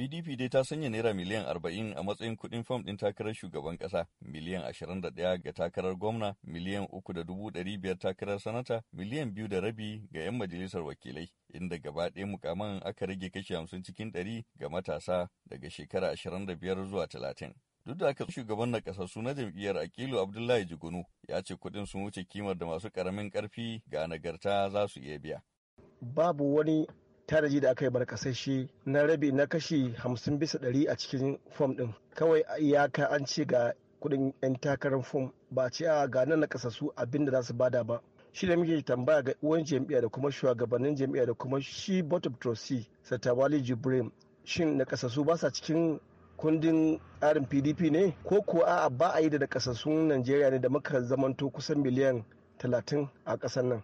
PDP dai ta sanya naira miliyan 40 a matsayin kuɗin fam ɗin takarar shugaban ƙasa, miliyan 21 ga takarar gwamna, miliyan 3.500 takarar sanata, miliyan 2 da rabi ga 'yan majalisar wakilai, inda gaba ɗaya mukaman aka rage kashi 50 cikin 100 ga matasa daga shekara 25 zuwa 30. duk da haka shugaban na kasassu na jam'iyyar akilu abdullahi jigunu ya ce kuɗin sun wuce kimar da masu karamin karfi ga nagarta za su iya biya babu wani tanaji da aka yi barkasashe na rabi na kashi hamsin bisa ɗari a cikin fom ɗin kawai iyaka an ce ga kuɗin 'yan takarar fom ba ce a ga nan na kasasu abin da za su bada ba shi da muke tambaya ga uwan jami'a da kuma shugabannin jami'a da kuma shi board of trustee satawali jibrim shin na kasasu ba sa cikin kundin tsarin pdp ne ko kuwa a'a ba a yi da na nakasassun najeriya ne da muka zamanto kusan miliyan talatin a kasar nan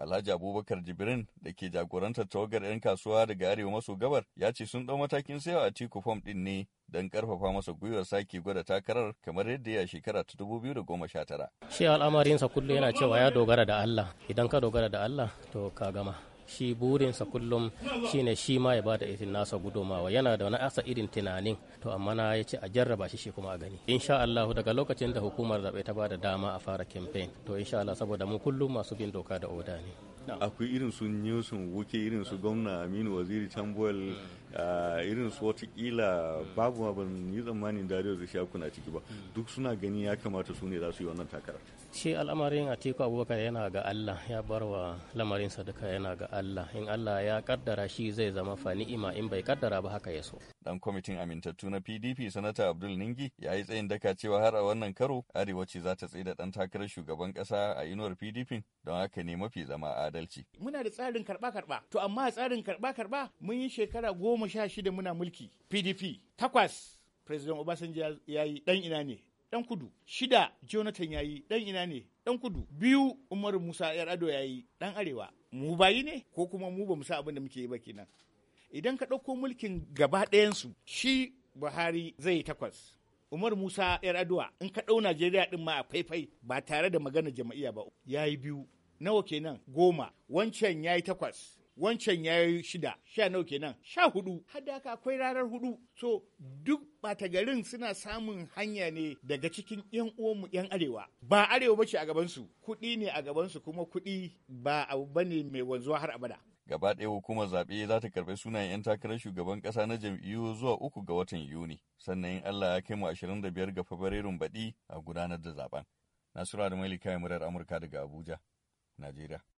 Alhaji Abubakar Jibrin da ke jagorantar tawagar 'yan kasuwa daga arewa maso gabar ya ce sun ɗau matakin sayo a tiku fom ɗin ne don ƙarfafa masa gwiwar sake gwada takarar kamar yadda ya shekara ta da 2019. Shi al'amarinsa kullum yana cewa ya dogara da Allah idan ka dogara da Allah to ka gama. shi burinsa kullum shine shi ma ya bada irin nasa gudumawa yana da wani asa irin tunanin to amma na ya ce a jarraba shi shi kuma a gani insha Allah daga lokacin da hukumar zaɓe ta bada dama a fara campaign to insha Allah saboda mu kullum masu bin doka da oda ne akwai irin su newson wuke irin su gwamna aminu waziri tambuwal hmm. ah, irin su watakila hmm. babu ma ban yi tsammanin dariya zai sha kuna ciki ba hmm. duk suna gani ya kamata su ne za su yi wannan takarar shi al'amarin a teku abubakar yana ga allah ya bar wa lamarin sadaka yana ga allah in allah ya kaddara shi zai zama fani ima in bai kaddara ba haka ya so dan kwamitin amintattu na pdp sanata abdul ningi ya yi tsayin daka cewa har a wannan karo arewa ce za ta tsaye da dan takarar shugaban kasa a inuwar pdp don haka ne mafi zama adal adalci. Muna da tsarin karɓa-karɓa, to amma tsarin karɓa-karɓa mun yi shekara goma sha shida muna mulki PDP takwas. President Obasanjo ya yi ɗan ina ne, ɗan kudu. Shida Jonathan ya yi ɗan ina ne, ɗan kudu. Biyu Umaru Musa Yar'ado ya yi ɗan arewa. Mu bayi ne ko kuma mu ba mu sa abin da muke yi ba kenan. Idan ka ɗauko mulkin gaba ɗayansu shi Buhari zai takwas. Umar Musa yar aduwa in ka ɗau Najeriya ɗin ma a faifai ba tare da magana jama'iya ba ya yi biyu nawa kenan goma wancan ya yi takwas wancan ya yi shida sha nawa kenan sha hudu ka akwai ranar hudu so duk bata garin suna samun hanya ne daga cikin yan uwanmu yan arewa ba arewa bace a gabansu kuɗi ne a gabansu kuma kuɗi ba abu bane mai wanzuwa har abada gaba ɗaya hukumar zaɓe za ta karɓi sunayen 'yan takarar shugaban ƙasa na jam'iyyu zuwa uku ga watan yuni sannan in allah ya kai mu biyar ga fabrairun baɗi a gudanar da zaben nasura da mailika murar amurka daga abuja Najeriya.